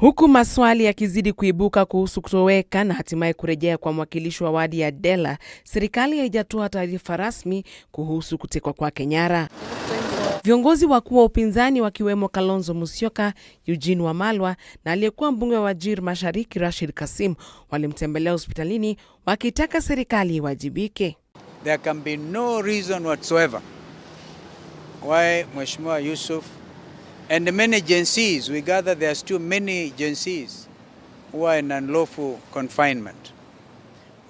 Huku maswali yakizidi kuibuka kuhusu kutoweka na hatimaye kurejea kwa mwakilishi wa wadi ya Dela, serikali haijatoa taarifa rasmi kuhusu kutekwa kwake nyara. Viongozi wakuu wa upinzani wakiwemo Kalonzo Musyoka, Eugene Wamalwa na aliyekuwa mbunge wa Wajir Mashariki Rashid Kasim walimtembelea hospitalini wakitaka serikali iwajibike. There can be no reason whatsoever why Mheshimiwa Yusuf and many agencies we gather there are still many agencies who are in unlawful confinement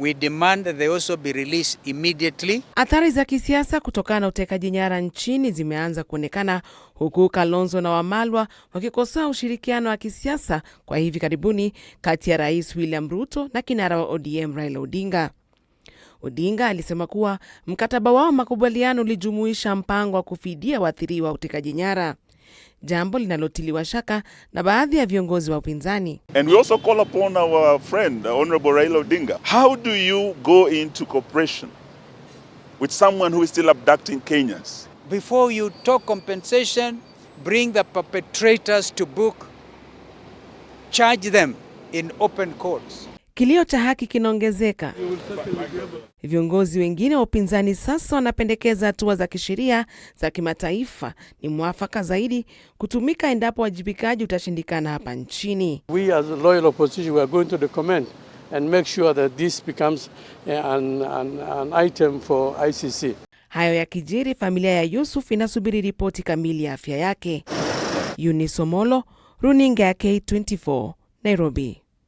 We demand that they also be released immediately. Athari za kisiasa kutokana na utekaji nyara nchini zimeanza kuonekana huku Kalonzo na Wamalwa wakikosoa ushirikiano wa kisiasa kwa hivi karibuni kati ya Rais William Ruto na kinara wa ODM Raila Odinga. Odinga alisema kuwa mkataba wao makubaliano ulijumuisha mpango wa kufidia waathiriwa utekaji nyara jambo linalotiliwa shaka na baadhi ya viongozi wa upinzani. And we also call upon our friend Honorable Raila Odinga. How do you go into cooperation with someone who is still abducting Kenyans? Before you talk compensation, bring the perpetrators to book. Charge them in open courts. Kilio cha haki kinaongezeka. Viongozi wengine wa upinzani sasa wanapendekeza hatua za kisheria za kimataifa ni mwafaka zaidi kutumika endapo wajibikaji utashindikana hapa nchini. We as a loyal opposition we are going to and make sure that this becomes eh, an, an, an item for ICC. Hayo ya kijiri, familia ya Yusuf inasubiri ripoti kamili ya afya yake. Omolo, runinga ya K24, Nairobi.